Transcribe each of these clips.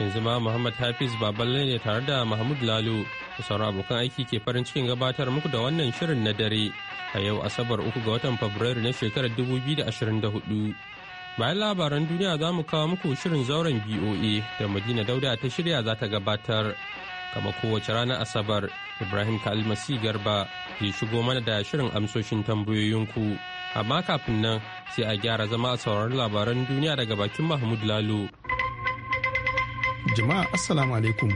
yanzu ma Muhammad Hafiz Baballe ne tare da Mahmud lalu da sauran abokan aiki ke farin cikin gabatar muku da wannan shirin na dare a yau Asabar uku ga watan Fabrairu na shekarar 2024. Bayan labaran duniya za mu kawo muku shirin zauren BOA da Madina Dauda ta shirya za ta gabatar. Kama kowace ranar Asabar, Ibrahim Kalmasi Garba ke shigo mana da shirin amsoshin tambayoyinku. Amma kafin nan sai a gyara zama a sauraron labaran duniya daga bakin Mahmud Lalo. Jama'a Assalamu alaikum.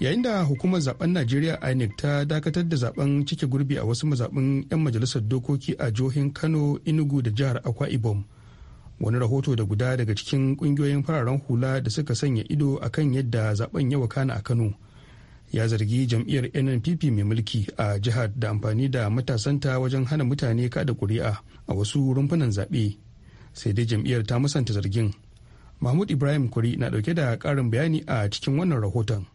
Yayin da hukumar zaben Najeriya INEC ta dakatar da zaben cike gurbi a wasu mazaɓin 'yan majalisar dokoki a jihohin Kano, inugu da jihar Akwa Ibom. Wani rahoto da guda daga cikin kungiyoyin fararen hula da suka sanya ido a kan yadda zaben ya wakana a Kano. Ya zargi jam'iyyar NNPP mai mulki a jihar da amfani da matasanta wajen hana mutane kada ƙuri'a a wasu rumfunan zaɓe. Sai dai jam'iyyar ta musanta zargin. mahmud ibrahim kuri na dauke da karin bayani a cikin wannan rahoton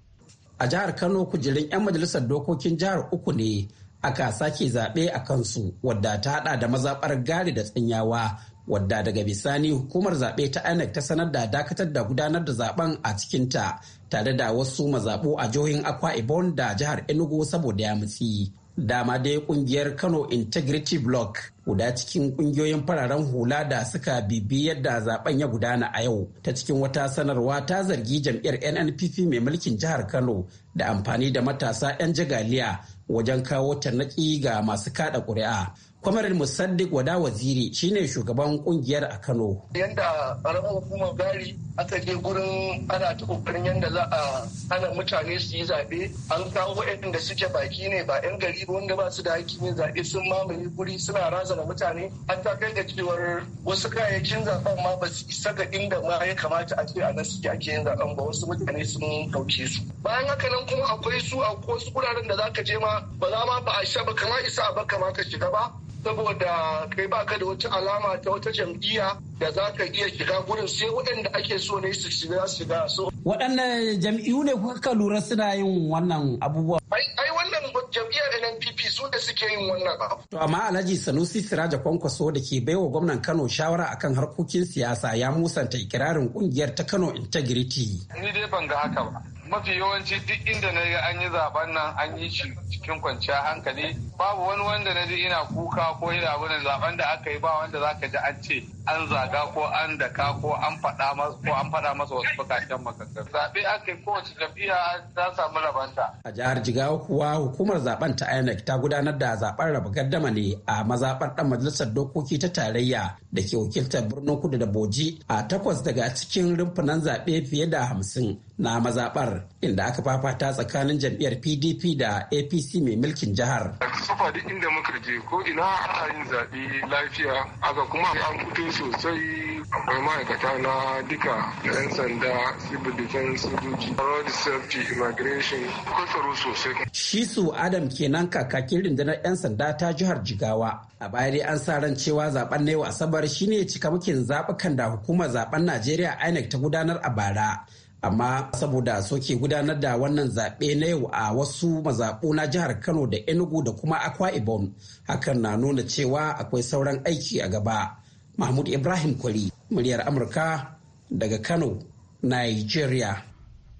a jihar kano kujerun 'yan majalisar dokokin jihar uku ne aka sake zaɓe a kansu wadda ta haɗa da mazaɓar gari da tsanyawa wadda daga bisani hukumar zaɓe ta inec ta sanar da dakatar da gudanar da zaben a cikinta tare da wasu mazaɓu a jihohin akwa Ibom da jihar enugu saboda ya mutsi dama dai kungiyar kano integrity block guda cikin kungiyoyin fararen hula da suka bibi yadda zaben ya gudana a yau ta cikin wata sanarwa ta zargi jam'iyyar nnpp mai mulkin jihar kano da amfani da matasa 'yan jagaliya wajen kawo tarnaki ga masu kada ƙuri'a kwamarar musaddiq wada waziri shine shugaban kungiyar a kano yanda ƙaramin hukumar gari aka je gurin ana ta kokarin yadda za a hana mutane su yi zaɓe an kawo waɗanda suke baki ne ba yan gari ba wanda ba su da hakkin yin zaɓe sun mamaye guri suna razana mutane an ta kai ga cewar wasu kayayyakin zaɓen ma ba su isa ga inda ma ya kamata a ce a nan suke ake yin zaɓen ba wasu mutane sun ɗauke su bayan haka nan kuma akwai su a wasu wuraren da za ka je ma ba za ma ba a sha ba kama isa ba kama ka shiga ba saboda kai baka da wata alama ta wata jam'iyya da za ka iya shiga gurin sai waɗanda ake so ne su shiga shiga so. Waɗannan jam'iyyu ne kuka lura suna yin wannan abubuwa? Ai wannan jam'iyyar NNPP su da suke yin wannan abu. To amma Alhaji Sanusi Siraja Kwankwaso da ke baiwa gwamnan Kano shawara akan harkokin siyasa ya musanta ikirarin kungiyar ta Kano Integrity. Ni dai ban ga haka ba. Mafi yawanci duk inda na ga an yi zaben nan an yi shi cikin kwanciyar hankali babu wani wanda na ji ina kuka ko ina abin zaben da aka yi ba wanda zaka ji an ce an zaga ko an daka ko an faɗa masa ko an faɗa masa wasu bukatun makakar zaɓe aka yi kowace jam'iyya ta samu rabanta. a jihar jigawa kuwa hukumar zaben ta inec ta gudanar da zaben raba gaddama ne a mazaɓar ɗan majalisar dokoki ta tarayya da ke wakiltar birnin kudu da boji a takwas daga cikin rumfunan zaɓe fiye da hamsin na mazaɓar inda aka fafata tsakanin jam'iyyar pdp da apc mai mulkin jihar sufa duk inda muka je ko ina ana yin zaɓe lafiya aka kuma an fito sosai akwai ma'aikata na duka da 'yan sanda civil defense sojoji road safety immigration akwai tsaro sosai shi su adam kenan kakakin rundunar 'yan sanda ta jihar jigawa a baya dai an sa ran cewa zaben na yau asabar shine cika mukin zaɓukan da hukumar zaben najeriya inec ta gudanar a bara amma saboda soke gudanar da wannan zaɓe na yau a wasu mazaɓu na jihar kano da enugu da kuma akwa ibom hakan na nuna cewa akwai sauran aiki a gaba mahmud ibrahim kwari muryar amurka daga kano nigeria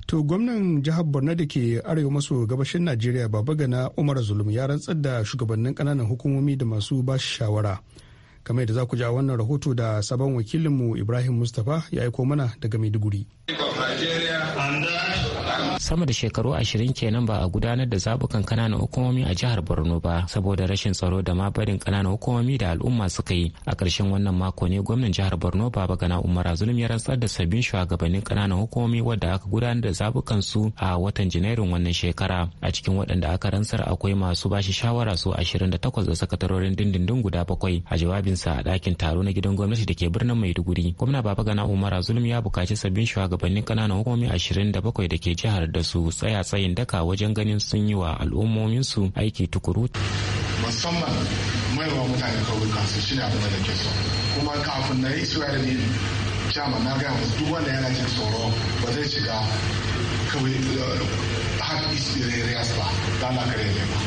to gwamnan jihar borno da ke arewa maso gabashin najeriya baba gana umar zulum ya rantsar da shugabannin kananan hukumomi da masu ba shawara kamar yadda za ku ja wannan rahoto da sabon wakilinmu ibrahim mustapha ya aiko mana daga maiduguri. sama da shekaru ashirin kenan ba a gudanar da zabukan kananan hukumomi a jihar borno ba saboda rashin tsaro da ma barin kananan hukumomi da al'umma suka yi a ƙarshen wannan mako ne gwamnan jihar borno baba gana umara zulum ya rantsar da sabbin shugabannin kananan hukumomi wadda aka gudanar da zabukan su a watan janairun wannan shekara a cikin waɗanda aka rantsar akwai masu bashi shawara su ashirin da takwas da sakatarorin dindindin guda bakwai a jawabinsa a ɗakin taro na gidan gwamnati da ke birnin maiduguri gwamna baba gana umara zulum ya buƙaci sabbin shugabannin kananan hukumomi ashirin da bakwai da ke jihar da su tsaya tsayin daka wajen ganin sun yi wa al'ummominsu aiki tukuru. musamman maiwa mutane kasu su shine abin da ke so kuma kafin na yi su da ni jama na gaya musu duk wanda yana jin tsoro ba zai shiga kawai har isi da ba za na kare ne ba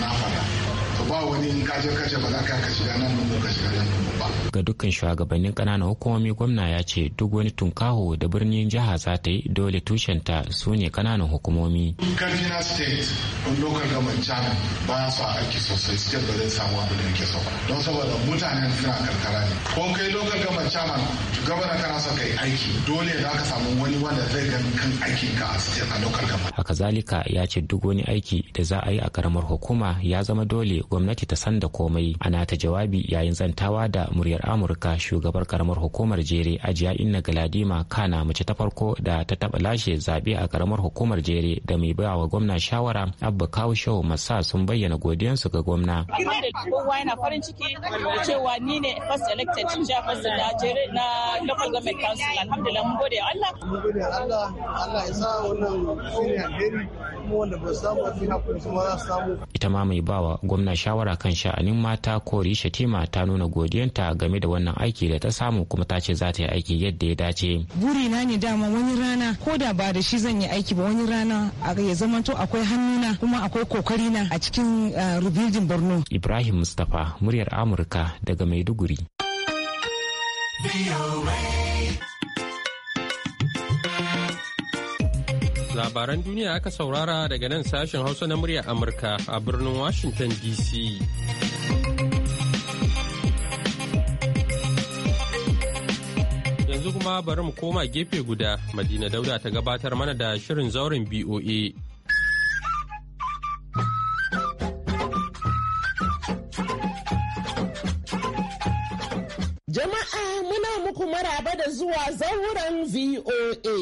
na fada ba wani in kaje ba za ka ka shiga nan mun ka shiga nan ba ga dukkan shugabannin kananan hukumomi gwamna ya ce duk wani tunkaho da birnin jiha za ta yi dole tushenta su ne kananan hukumomi kaduna state on local government channel ba su aiki sosai suke ba zai samu abin da yake so ba don saboda mutanen suna karkara ne ko kai local government chairman gwamna kana so kai aiki dole za ka samu wani wanda zai gani kan aikin ka a state a local government haka zalika ya ce duk wani aiki da za a yi a karamar hukuma ya zama dole gwamnati ta san da komai ana ta jawabi yayin zantawa da muryar amurka shugabar karamar hukumar jere ajiya inna galadima kana mace ta farko da ta taba lashe zaɓe a karamar hukumar jere da mai baya wa gwamna shawara abba kawo masa sun bayyana godiyansu ga gwamna. kowa yana farin ciki cewa ni ne first elected ja first na jere na local government council alhamdulillah mun gode Allah. mun gode Allah Allah ya sa wannan shine alheri kuma wanda ba samu a cikin hakuri kuma za su samu. ita ma mai bawa gwamna mai shawara kan sha'anin mata kori shatima ta nuna godiyanta game da wannan aiki da ta samu kuma ta ce za ta yi aiki yadda ya dace buri na ne dama wani rana ko da ba da shi zan yi aiki ba wani rana ya zamanto akwai hannuna kuma akwai kokari na a cikin eh, rubildin borno ibrahim mustapha muryar amurka daga maiduguri Labaran duniya aka saurara daga nan sashen Hausa na murya Amurka a birnin Washington DC. Yanzu kuma bari mu koma gefe guda, Madina Dauda ta gabatar mana da shirin zauren BOA. zuwa zauren VOA.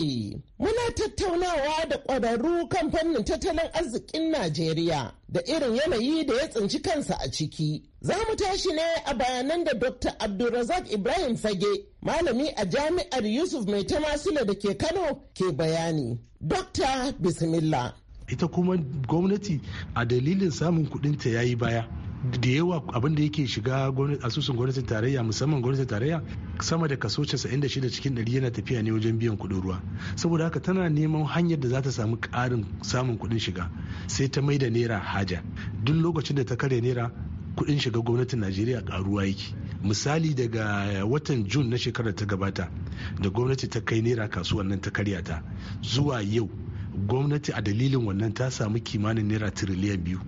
Muna tattaunawa da ƙwararru kan fannin tattalin arzikin Najeriya da irin yanayi da ya tsinci kansa a ciki. Za mu tashi ne a bayanan da Dr. Abdulrazak Ibrahim Sage malami a jami'ar Yusuf Mai Tamasula da ke Kano ke bayani. Dr. Bismillah. Ita kuma gwamnati a dalilin samun kudinta ya yi baya. da yawa abin da yake shiga asusun gwamnatin tarayya musamman gwamnatin tarayya sama da kaso 96 cikin 100 yana tafiya ne wajen biyan kudin ruwa saboda haka tana neman hanyar da za ta samu karin samun kudin shiga sai ta mai da naira haja duk lokacin da ta karya naira kudin shiga gwamnatin najeriya karuwa yake misali daga watan jun na shekarar ta gabata da gwamnati ta kai naira kasuwan nan ta karya ta zuwa yau gwamnati a dalilin wannan ta samu kimanin naira tiriliyan biyu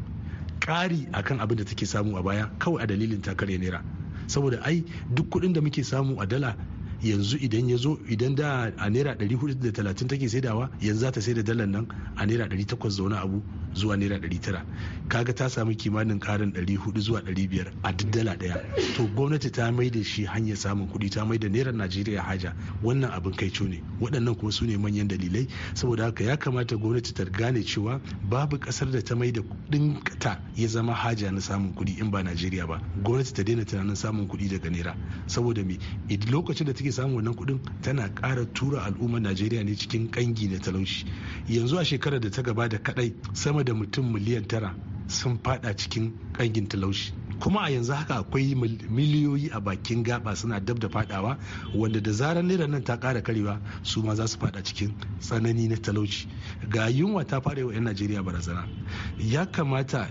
ƙari akan abin da take samu a baya kawai a dalilin takarya naira saboda ai duk kuɗin da muke samu a dala yanzu idan ya zo idan da a naira 430 take saidawa yanzu za ta saida dalar nan a naira 800 zaune abu zuwa naira ɗari tara kaga ta samu kimanin karin ɗari hudu zuwa ɗari biyar a duk dala ɗaya to gwamnati ta mai da shi hanyar samun kuɗi ta mai da naira najeriya haja wannan abin kai ne waɗannan kuma su ne manyan dalilai saboda haka ya kamata gwamnati ta gane cewa babu kasar da ta mai da ta ya zama haja na samun kuɗi in ba najeriya ba gwamnati ta daina tunanin samun kuɗi daga naira saboda me lokacin da take samun wannan kuɗin tana kara tura al'ummar najeriya ne cikin kangi na talauci yanzu a shekarar da ta gabata kaɗai sama da mutum miliyan tara sun fada cikin kangin talauci kuma a yanzu haka akwai miliyoyi a bakin gaba suna dab da fadawa wanda da zarar naira nan ta kara karewa su ma za su fada cikin tsanani na talauci ga yunwa ta fara yau 'yan najeriya barazana ya kamata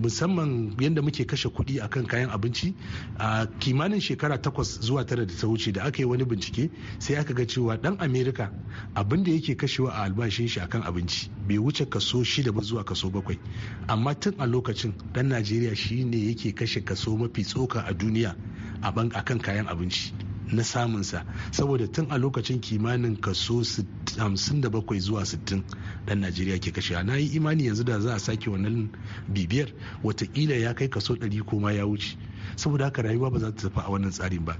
musamman yadda muke kashe kuɗi akan kayan abinci a kimanin shekara takwas zuwa tara da ta wuce da aka yi wani bincike sai aka ga cewa dan amerika abin da yake kashewa a albashin shi akan abinci bai wuce kaso shida ba zuwa kaso bakwai amma tun a lokacin dan najeriya shine yake yake kashe kaso mafi tsoka a duniya a akan kayan abinci na samunsa saboda tun a lokacin kimanin kaso 57 zuwa 60 dan najeriya ke kashe na yi imani yanzu da za a sake wannan bibiyar watakila ya kai kaso 100 ko ma ya wuce saboda haka rayuwa ba za ta tafi a wannan tsarin ba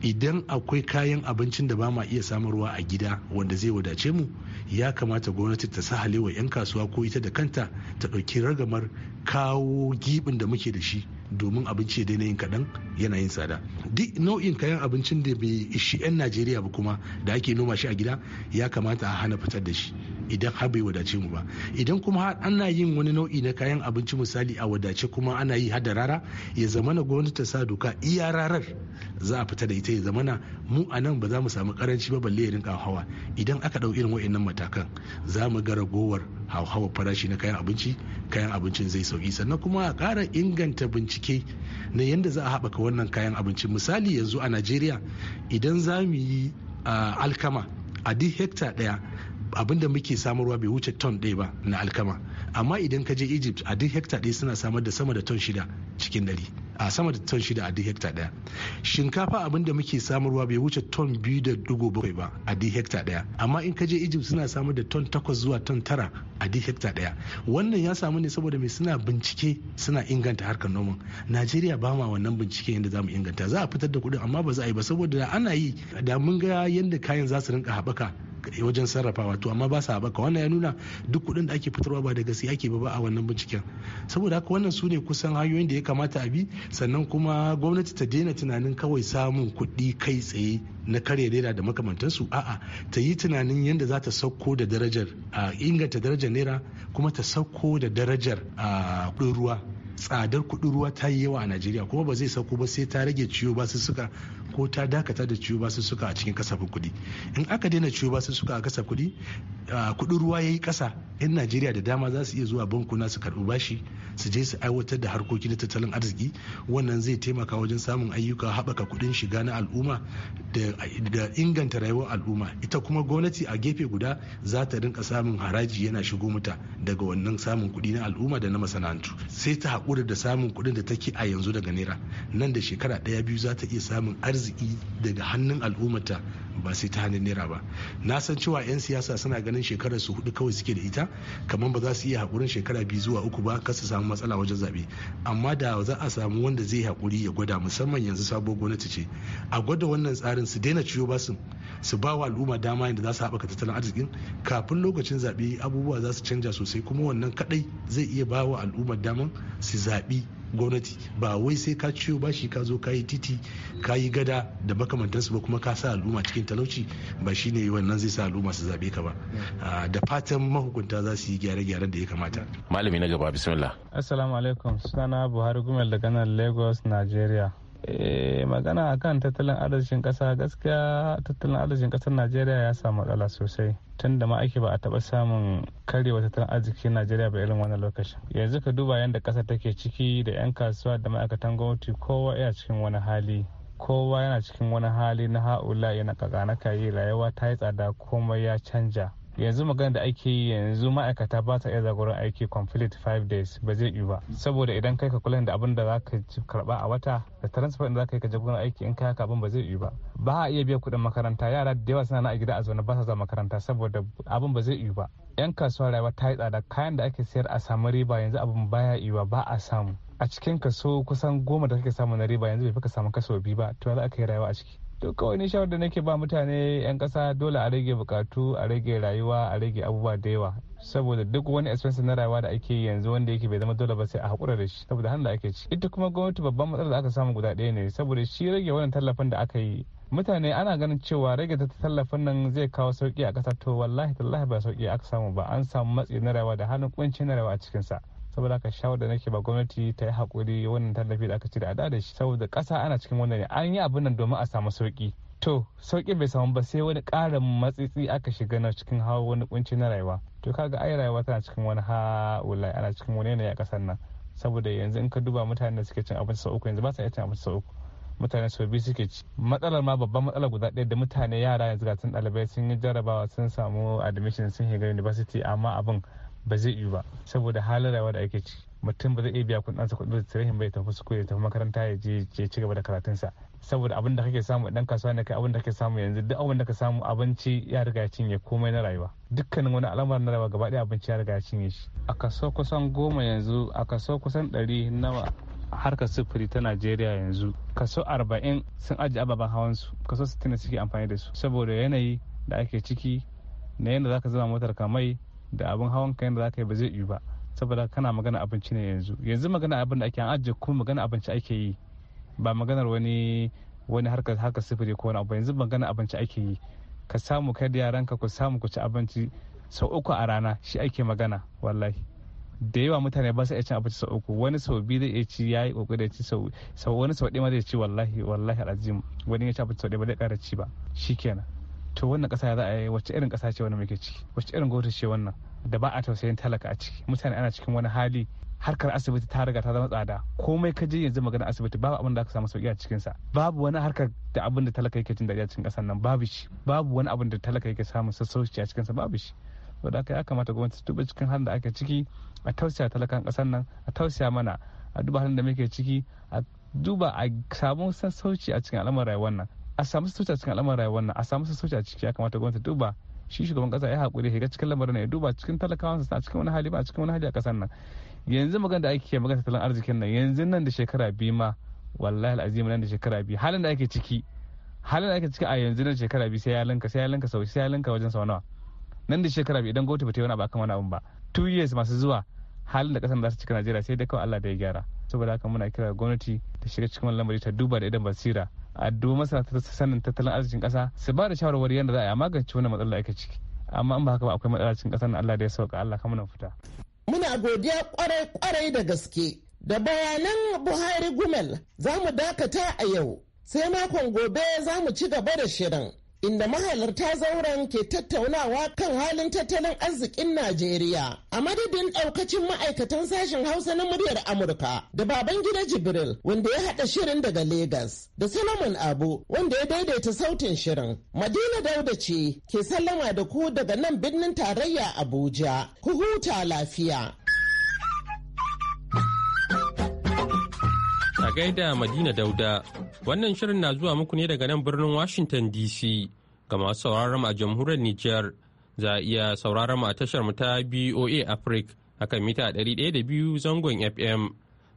idan akwai kayan abincin da ba ma iya samarwa a gida wanda zai wadace mu ya kamata gwamnati ta sahale wa 'yan kasuwa ko ita da kanta ta ɗauki ragamar kawo gibin da muke da shi domin abinci ya daina yin kaɗan yana yin tsada duk nau'in kayan abincin da bai ishi 'yan najeriya ba kuma da ake noma shi a gida ya kamata a hana fitar da shi idan har bai wadace mu ba idan kuma ana yin wani nau'i na kayan abinci misali a wadace kuma ana yi har rara ya zama na gwamnati gwamnati ta sa doka iya rarar za a fita da ita ya zamana mu a nan ba za mu samu karanci ba balle ya rinka hawa idan aka ɗau irin wa'annan matakan za mu ga ragowar hauhawar farashi na kayan abinci kayan abincin zai sauki sannan kuma a ƙara inganta bincike na yadda za a haɓaka wannan kayan abinci misali yanzu a najeriya idan za mu yi alkama a duk hekta ɗaya abinda muke samarwa bai wuce ton ɗaya ba na alkama amma idan ka je egypt a duk hekta ɗaya suna samar da sama da ton shida cikin ɗari a sama da ton shida a duk hekta daya shinkafa abin da muke samarwa bai wuce ton biyu da dugu bakwai ba a duk hekta daya amma in ka je egypt suna samar da ton takwas zuwa ton tara a duk hekta daya wannan ya samu ne saboda mai suna bincike suna inganta harkar noman najeriya ba ma wannan bincike yadda za mu inganta za a fitar da kuɗin amma ba za a yi ba saboda ana yi da mun ga yadda kayan za su rinka haɓaka wajen sarrafawa to amma ba sa haɓaka wannan ya nuna duk kuɗin da ake fitarwa ba da gaske ake ba a wannan binciken saboda haka wannan su ne kusan hanyoyin da ya kamata a bi sannan kuma gwamnati ta daina tunanin kawai samun kuɗi kai tsaye na karya naira da makamantansu a'a ta yi tunanin yadda za ta sauko da darajar a inganta darajar naira kuma ta sauko da darajar a kuɗin ruwa tsadar kuɗin ruwa ta yi yawa a najeriya kuma ba zai sauko ba sai ta rage ciwo ba su suka ko ta dakata da ciwo basu suka a cikin kasafin kuɗi in aka daina ciwo basu suka a kasafin kuɗi kuɗin ruwa ya yi ƙasa yan najeriya da dama za su iya zuwa bankuna su karbi bashi su je su aiwatar da harkokin na tattalin arziki wannan zai taimaka wajen samun ayyuka haɓaka kuɗin shiga na al'umma da inganta rayuwar al'umma ita kuma gwamnati a gefe guda za ta rinka samun haraji yana shigo mata daga wannan samun kuɗi na al'umma da na masana'antu sai ta haƙura da samun kuɗin da take a yanzu daga naira nan da shekara ɗaya biyu za ta iya samun arziki arziki daga hannun al'ummata ba sai ta hannun naira ba na san cewa 'yan siyasa suna ganin shekarar su hudu kawai suke da ita kamar ba za su iya haƙurin shekara biyu zuwa uku ba kasu samu matsala wajen zaɓe amma da za a samu wanda zai haƙuri ya gwada musamman yanzu sabuwar gwamnati ce a gwada wannan tsarin su daina ciyo ba su ba wa al'umma dama yadda za su haɓaka tattalin arzikin kafin lokacin zaɓe abubuwa za su canja sosai kuma wannan kaɗai zai iya ba wa al'ummar daman su zaɓi gwamnati ba wai sai ka ciyo ba shi ka zo ka yi titi ka yi gada da makamantansu ba kuma ka sa al'umma cikin talauci ba shi shine wannan zai sa al'umma su zabe ka ba mm. ah, da fatan mahukunta za su yi gyare-gyaren da ya kamata malami na gaba bismillah assalamu alaikum sunana buhari gumel daga nan lagos nigeria eh, magana akan tattalin arzikin kasa gaskiya tattalin arzikin kasar najeriya ya samu matsala sosai tun da ma ake ba a taɓa samun karyewa tattalin arzikin najeriya ba irin wannan lokacin yanzu ka duba yadda ƙasa take ciki da 'yan kasuwa da ma'aikatan gwamnati kowa yana cikin wani hali kowa yana cikin wani hali na ha'ula yana kakana kayi rayuwa ta yi tsada komai ya canja yanzu magana da ake yi yanzu ma'aikata ba ta iya zagoron aiki complete five days ba zai yi ba saboda idan kai ka kula da abin da za ka karba a wata da transfer da za ka yi ka jagoran aiki in kai haka abin ba zai yi ba ba a iya biya kuɗin makaranta yara da yawa suna na a gida a zaune ba sa zuwa makaranta saboda abin ba zai yi ba yan kasuwa rayuwa ta yi tsada kayan da ake sayar a samu riba yanzu abin ba ya yi ba a samu a cikin kaso kusan goma da kake samu na riba yanzu bai fi ka samu kaso biyu ba to za ka yi rayuwa a ciki to kawai ni shawar da nake ba mutane 'yan kasa dole a rage bukatu a rage rayuwa a rage abubuwa da yawa saboda duk wani expense na rayuwa da ake yanzu wanda yake bai zama dole ba sai a hakura da shi saboda da ake ci ita kuma gwamnati babban matsalar da aka samu guda ɗaya ne saboda shi rage wannan tallafin da aka yi mutane ana ganin cewa rage ta tallafin nan zai kawo sauki a ta to wallahi tallahi ba sauki aka samu ba an samu matsi na rayuwa da hannun kunci na rayuwa a cikinsa saboda ka shawar da nake ba gwamnati ta yi hakuri wannan tallafi da aka ci a da shi saboda ƙasa ana cikin wannan ne an yi abin nan domin a samu sauki to sauƙi bai samu ba sai wani ƙarin matsitsi aka shiga na cikin hawa wani kunci na rayuwa to kaga ai rayuwa tana cikin wani ha'ulai ana cikin wani yanayi a ƙasar nan saboda yanzu in ka duba mutanen da suke cin abinci sau uku yanzu ba sa iya cin abinci sau uku mutane sau biyu suke ci matsalar ma babban matsalar guda ɗaya da mutane yara yanzu ga sun ɗalibai sun yi jarabawa sun samu admission sun shiga university amma abin ba zai yi ba saboda halin rayuwa da ake ci mutum ba zai iya biya kuɗinsa kuɗin da tsirehin bai tafi suku ya tafi makaranta ya je ya ci gaba da sa saboda abin da kake samu idan kasuwa ne kai abin da kake samu yanzu duk abin da ka samu abinci ya riga ya cinye komai na rayuwa dukkanin wani al'amar na rayuwa gaba ɗaya abinci ya riga ya cinye shi a kaso kusan goma yanzu a kaso kusan ɗari nawa harkar sufuri ta najeriya yanzu kaso arba'in sun ajiye ababen hawan su kaso sittin suke amfani da su saboda yanayi da ake ciki na yadda zaka zama motar kamai da abin hawan kayan da za ka yi ba zai yi ba saboda kana magana abinci ne yanzu yanzu magana abin da ake an ajiye kuma magana abinci ake yi ba maganar wani wani harkar haka sifiri ko wani abu yanzu magana abinci ake yi ka samu kai da yaranka ku samu ku ci abinci sau uku a rana shi ake magana wallahi da yawa mutane ba su iya cin abinci sau uku wani sau biyu zai iya ci ya yi kokari da ci sau wani sau ɗaya ma zai ci wallahi wallahi alazim wani ya ci abinci sau ɗaya ba zai ƙara ci ba shikenan to wannan kasa za a yi wacce irin kasa ce wannan muke ciki wacce irin gwamnati ce wannan da ba a tausayin talaka a ciki mutane ana cikin wani hali harkar asibiti ta riga ta zama tsada komai ka je yanzu magana asibiti babu abin da aka samu sauki a cikin sa babu wani harkar da abin da talaka yake jin daɗi a cikin ƙasar nan babu shi babu wani abin da talaka yake samu sassauci a cikin sa babu shi saboda haka ya kamata gwamnati ta duba cikin halin da ake ciki a tausaya talakan ƙasar nan a tausaya mana a duba halin da muke ciki a duba a samu sassauci a cikin al'amuran rayuwar nan a samu sassauci cikin al'amuran rayuwar nan a samu sassauci ciki ya kamata gwamnati duba shi shugaban kasa ya haƙuri ya ga cikin lamarin nan ya duba cikin talakawan sa cikin wani hali ba cikin wani hali a kasar nan yanzu magana da ake magana tattalin arzikin nan yanzu nan da shekara biyu ma wallahi al'azim nan da shekara biyu halin da ake ciki halin da ake ciki a yanzu nan shekara biyu sai ya linka sai ya linka sau sai ya linka wajen sau nawa nan da shekara biyu idan gwamnati ba ta yi wani abu akan wani abu ba two years masu zuwa halin da kasar za su cika Najeriya sai dai kawai Allah da ya gyara saboda haka muna kira gwamnati ta shiga cikin wani lamari ta duba da idan basira addu masa sanin tattalin arzikin kasa su ba da shawarwari yadda za a magance wannan matsalar matsala ake ciki amma in ba haka ba akwai matsala cikin kasar Allah da ya sauka Allah kamar fita muna godiya kwarai kwarai da gaske da bayanan Buhari Gumel za mu dakata a yau sai makon gobe za mu ci gaba da shirin inda mahalarta zauren ke tattaunawa kan halin tattalin arzikin Najeriya. A madadin ɗaukacin ma'aikatan sashen Hausa na muryar Amurka da baban gida Jibril wanda ya haɗa shirin daga Legas da Solomon Abu wanda ya daidaita sautin shirin. Madina Dauda ce ke sallama da ku daga nan birnin tarayya Abuja. Ku huta lafiya. A gaida Madina Dauda Wannan shirin na zuwa muku ne daga nan birnin Washington DC ga masu sauraron a jamhuriyar Nijar. Za a iya sauraron a tashar mu ta BOA Africa akan mita 102 zangon FM.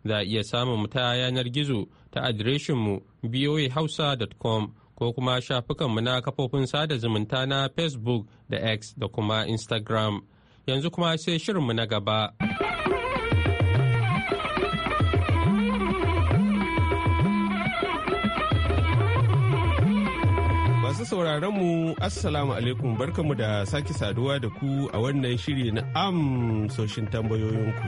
Za a iya samun mu ta yanar gizo ta adireshin mu boahausa.com ko kuma shafukanmu na kafofin sada zumunta na Facebook da X da kuma Instagram. Yanzu kuma sai shirinmu na gaba. Masu sauraron mu Assalamu alaikum barkamu da sake saduwa da ku a wannan shiri na amsoshin tambayoyinku.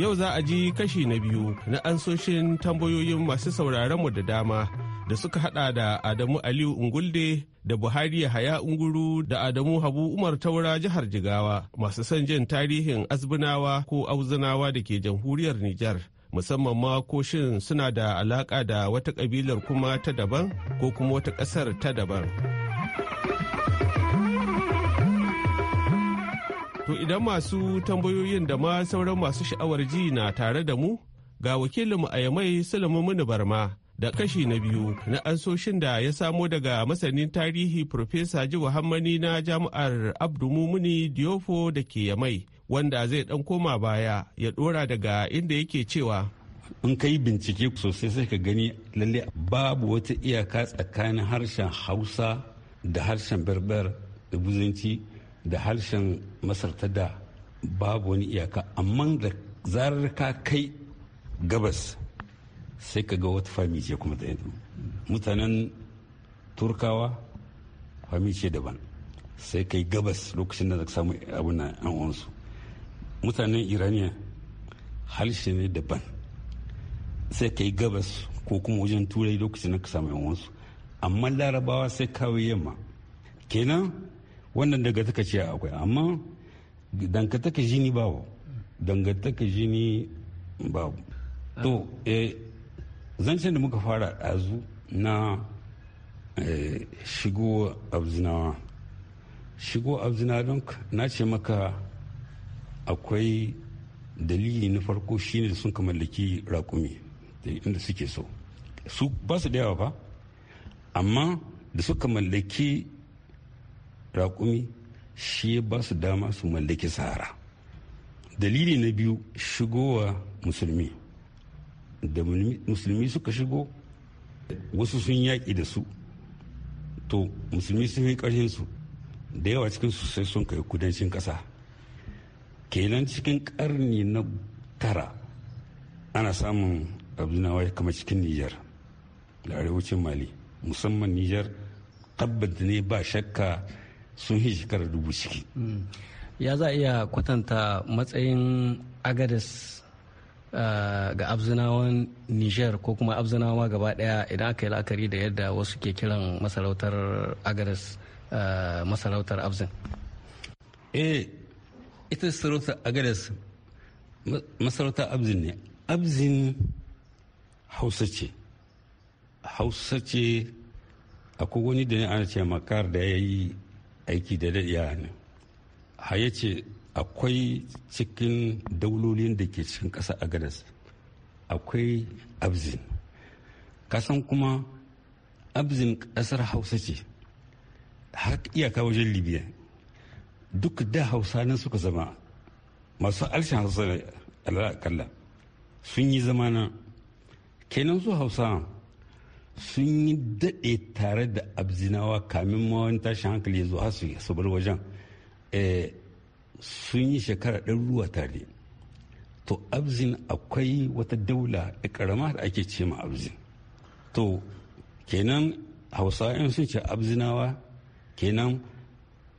Yau za a ji kashi na biyu na ansoshin tambayoyin masu sauraron mu da dama da suka hada da Adamu Aliyu Ungulde da Buhari Yahaya Unguru da Adamu Habu Umar Taura jihar Jigawa masu son jin tarihin azbunawa ko Auzunawa da ke jamhuriyar Nijar. musamman ma ko shin suna da alaƙa da wata kabilar kuma ta daban ko kuma wata ƙasar ta daban. To idan masu tambayoyin da ma sauran masu sha'awar ji na tare da mu ga wakilinmu a yamai Sulaimu Barma da kashi na biyu na ansoshin da ya samo daga masanin tarihi Profesa ji Hammani na Jami'ar Abdu Mumuni Diofo da ke yamai wanda zai dan koma baya ya dora daga inda yake cewa in ka yi bincike sosai sai ka gani lalle babu wata iyaka tsakanin harshen hausa da harshen berber da buzanci da harshen masar ta da babu wani iyaka amma da zarar ka kai gabas sai ka ga wata fami ce kuma ta mutanen turkawa fami ce daban sai kai gabas lokacin da samu abin nan an mutanen iraniya harshe ne daban sai ka yi gabas ko kuma wajen turai lokacin ka samu yawansu amma larabawa sai kawo yamma kenan wannan taka ce akwai amma dangantaka jini babu dangantaka jini babu to eh, zancen da muka fara ɗazu na eh, shigo abzinawa shigo abzinawa don na ce maka akwai dalili na farko shine da sun mallaki raƙumi inda suke so su ba su da ba amma da suka mallaki rakumi shi ba su dama su mallaki sahara dalili na biyu shigowa musulmi da musulmi suka shigo wasu sun yaƙi da su to musulmi sun yi ƙarshen su da yawa cikin su sun kai kudancin ƙasa kenan cikin karni na tara ana samun abinawa kama cikin nijar da arewacin mali musamman nijar tabbat ne ba shakka sun yi shekarar dubu ciki mm. ya za a iya kwatanta matsayin agadas eh, ga abzinawan niger ko kuma abzinawa gaba daya idan aka yi la'akari da yadda wasu ke kiran masarautar agadas eh, masarautar abzin eh ita sarauta abzi masarauta abzin ne abzin hausa ce hausa ce akwai wani da ne ana ce makar da ya yi aiki da daɗiya ne haya ce akwai cikin daulolin da ke cikin ƙasa gada akwai abzin kasan kuma abzin ƙasar hausa ce har iyaka wajen libya duk da hausa nan suka zama masu alshin hausa ne sun yi zama nan kenan su hausa sun yi daɗe tare da abzinawa kamin ma wani tashin hankali ya zo har su bar wajen eh, sun yi shekara ruwa tare to abzin akwai wata daula da ƙarama da ake ce ma abzin to kenan hausa in sun ce abzinawa kenan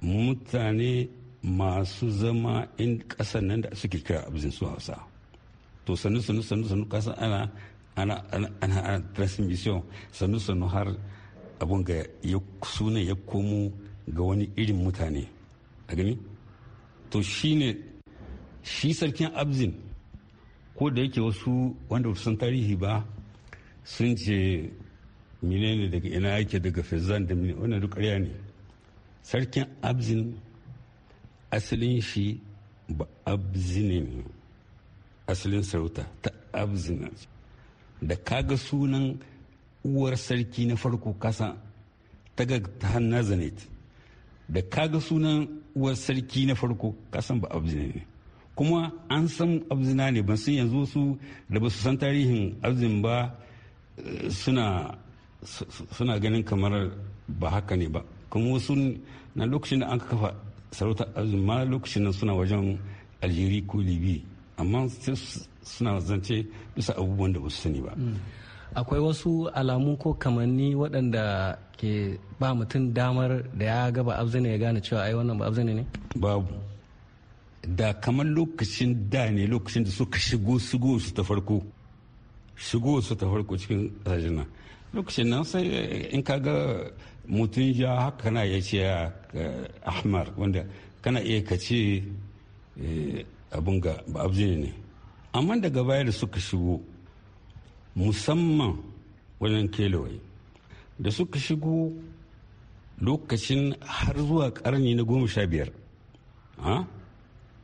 mutane masu zama in ƙasar nan da suke kira abin su hausa to sannu sannu sannu sannu ƙasa ana ana ana ana transmission sannu sannu har abun ga suna ya komo ga wani irin mutane a gani to shine shi sarkin abzin ko da yake wasu wanda san tarihi ba sun ce menene daga ina yake daga fezzan da wannan duk ƙarya ne sarkin abzin asalin shi ba abzinin asalin sarauta ta abzin da kaga sunan uwar sarki na farko kasa ta ga ta hanna da kaga sunan uwar sarki na farko kasan ba abzina ne kuma an san abzina ne ban san yanzu su da ba su san tarihin abzin ba eh, suna suna ganin kamar ba haka ne ba kuma wasu na lokacin da an kafa sarauta ma lokacin nan suna wajen aljeri ko libi amma sai suna zance bisa abubuwan da ba su sani ba hmm. akwai wasu alamu ko kamanni waɗanda ke ba mutum damar da ya gaba abzane ya gane cewa ai wannan ba abzane ne babu da kamar lokacin da ne lokacin da suka shigo shigo su ta farko shigo su ta farko cikin ƙasashen lokacin nan sai in ka ga mutum ya haka kana iya ce eh, ahmar wanda kana iya ka ce eh, abin ga abzini ne amma daga baya da suka shigo musamman wajen kelewai da suka shigo lokacin har zuwa karni na goma sha biyar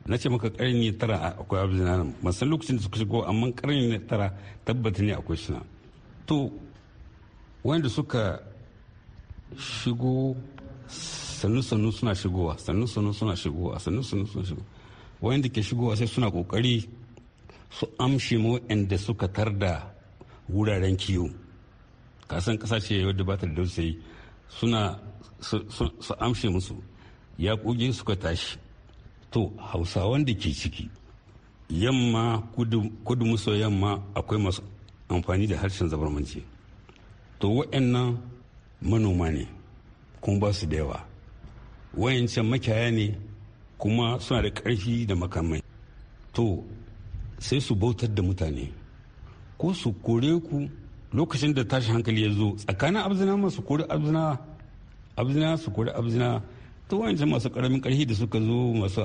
na ce maka karni tara akwai abzina nan masan lokacin da suka shigo amma karni na tara tabbata ne akwai suna to wanda suka shigo sannu-sannu suna shigowa sannu-sannu suna shigowa sannu-sannu suna shigowa wayanda ke shigowa sai suna kokari su amshe mu inda suka tarda wuraren kiwo kasan kasa ce wadda ba ta da yi suna su amshe musu ya koge suka tashi to hausa da ke ciki yamma kudu maso yamma akwai masu amfani da harshen zabarmanci to wa'annan manoma ne kuma ba su da yawa wayancan makiyaya ne kuma suna da karfi da makamai to sai su bautar da mutane ko su kore ku lokacin da tashin hankali ya zo tsakanin abzina masu kori abzina abzina su kori abzina ta wancan masu karamin karfi da suka zo masu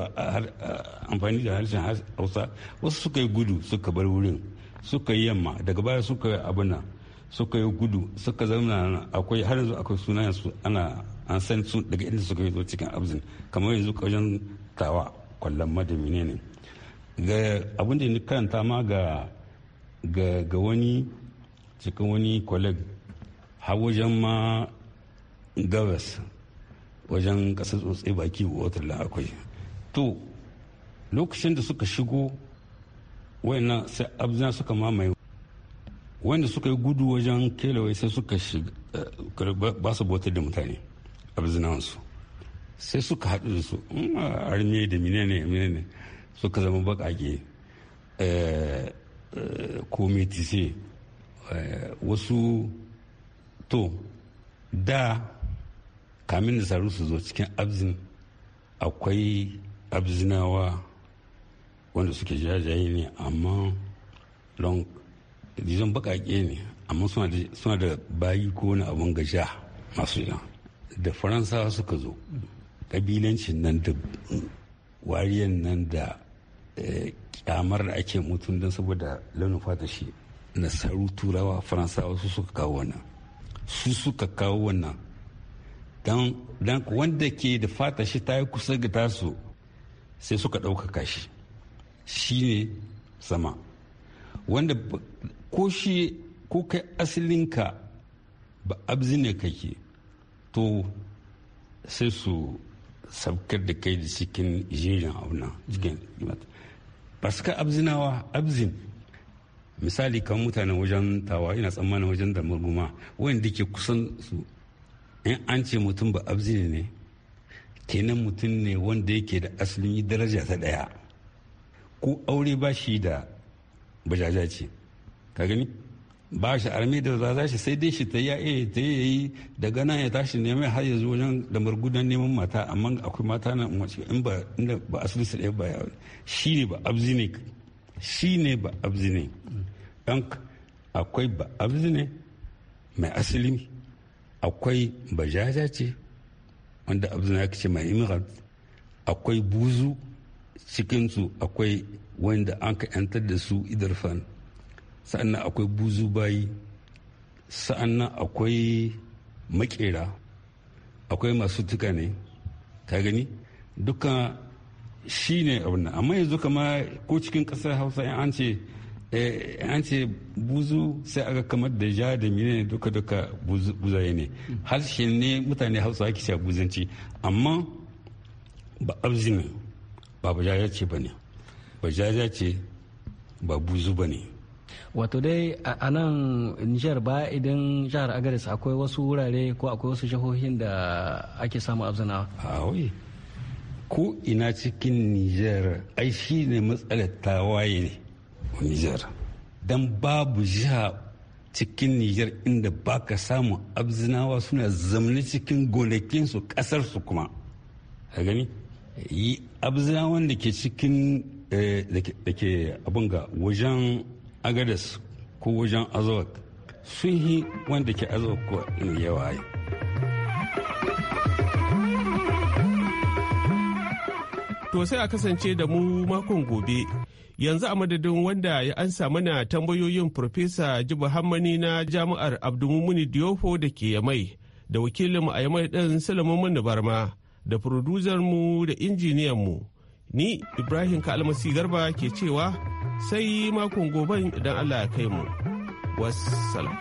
amfani da harshen hausa wasu suka yi gudu suka bar wurin suka yi yamma daga baya suka yi abuna suka yi gudu suka zauna akwai har yanzu akwai sunayensu ana an san su daga inda suka yi zo cikin abzin kamar yanzu wajen tawa kwallon madami ne ne ga abin da ni karanta ma ga ga wani cikin wani kwaleg har wajen ma gabas wajen kasar tsotsai baki watarla akwai to lokacin da suka shigo wayannan sai abzina suka mamaye wanda suka yi gudu wajen kelewa sai suka eh, ba su bautar da mutane a bizinawansu sai suka haɗu da su mm, arme da minene minene suka zama baƙaƙe eh, eh, komiti ce wasu to da kamin da saru su zo cikin abzin akwai abzinawa wanda suke jajaye ne amma don dizon bakake ne amma suna da bayi ko wani abun gasha masu ina da faransa suka zo kabilancin nan da wariyan nan da kyamar eh, da ake mutum don saboda launin fata shi nasaru turawa faransawa su suka kawo wannan su suka kawo wannan don wanda ke da fata shi ta yi kusa ga tasu sai suka ɗaukaka shi shi ne sama wanda ko shi ko kai asilinka ba abzi ne kake to sai su sabkar da kai da cikin jirgin auna cikin ba su ka abzinawa abzin misali kan mutanen wajen tawa ina tsammanin wajen da murguma wanda ke kusan su in an ce mutum ba abzi ne kenan mutum ne wanda yake da asalin daraja ta daya ko aure ba shi da bajaja ce ka gani ba shi armi da za shi sai dai shi ta yi iya eh, ta yi daga nan ya tashi neman har yanzu wajen da margudan neman mata amma akwai mata na umarci in ba inda ba asibiti ɗaya ba yawon shi ne ba abzi ne shi ne ba abzi ne don akwai ba abzi ne mai asali akwai bajaja ce wanda abzi ya kace mai imirat akwai buzu cikinsu akwai wanda an ka 'yantar da su idarfan sa'annan akwai buzu bayi sa'annan akwai makera akwai masu tuka ne ka gani duka shi ne abin amma yanzu kama ko cikin kasar hausa an ce eh, an ce buzu sai aga kamar da ja da mine ne duka duka buzaye ne harshe ne mutane hausa ake cewa buzanci amma ba abzinin ba ba ya ce ba ne bajaja ce ba buzu ba ne wato dai a nan nijar ba idan jihar agaris akwai wasu wurare ko akwai wasu jihohin da ake samu abzinawa awai ko ina cikin nijar ai shi ne matsalar tawaye ne nijar don babu jiha cikin nijar inda baka samu abzinawa suna zamani cikin gonakinsu kasarsu kuma a gani abzinawan da ke cikin Eh, da ke abin ga wajen agadas ko wajen azawak sun yi wanda ke azawak ko yawa yi to sai a kasance da mu makon gobe yanzu a madadin wanda ya ansa mana tambayoyin Profesa Jibu Hammani na Jami'ar Abdulmumuni Diofo da ke Yamai, da wakilinmu a Yamai ɗin Salamun Barma, da mu da injiniyanmu Ni Ibrahim Kalmasi Garba ke cewa sai makon goben idan Allah ya kai mu. Wassalam.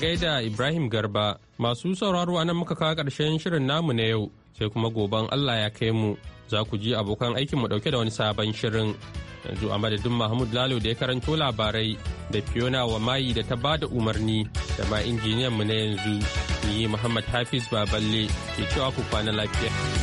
gaida Ibrahim Garba masu sauraro anan muka kawo ƙarshen shirin namu na yau sai kuma goben Allah ya kai mu za ku ji abokan aikin mu ɗauke da wani sabon shirin. Yanzu a madadin Mahmud Lalo da ya karanto labarai da Fiona wa mayi da ta ba da umarni da ma injiniyan mu na yanzu ni Muhammad Hafiz Baballe ke cewa ku kwana lafiya.